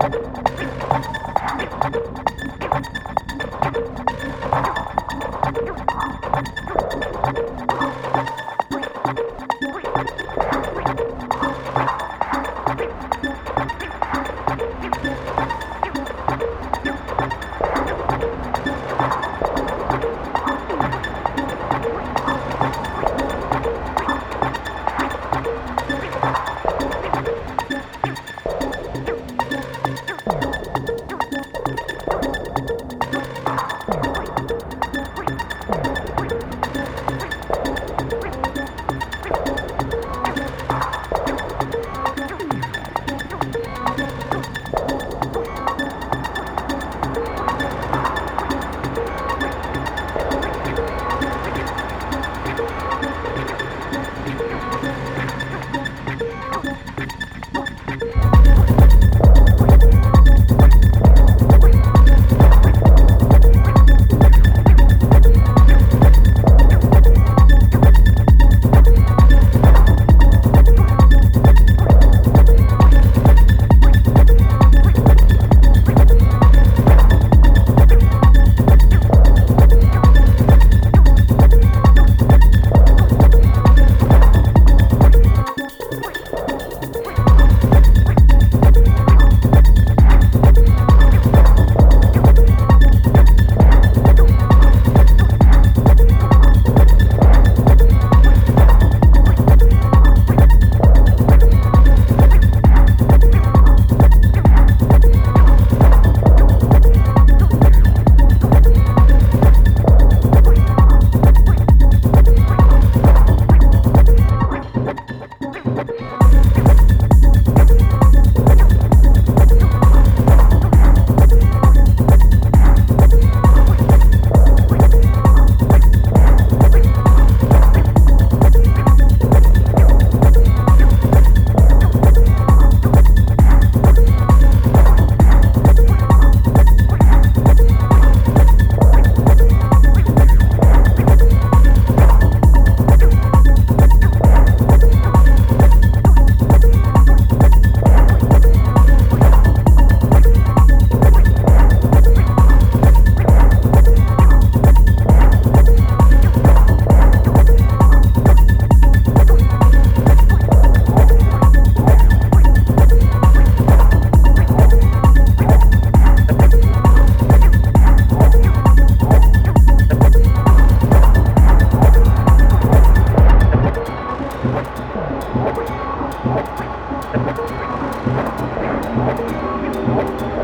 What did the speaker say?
Thank you. What?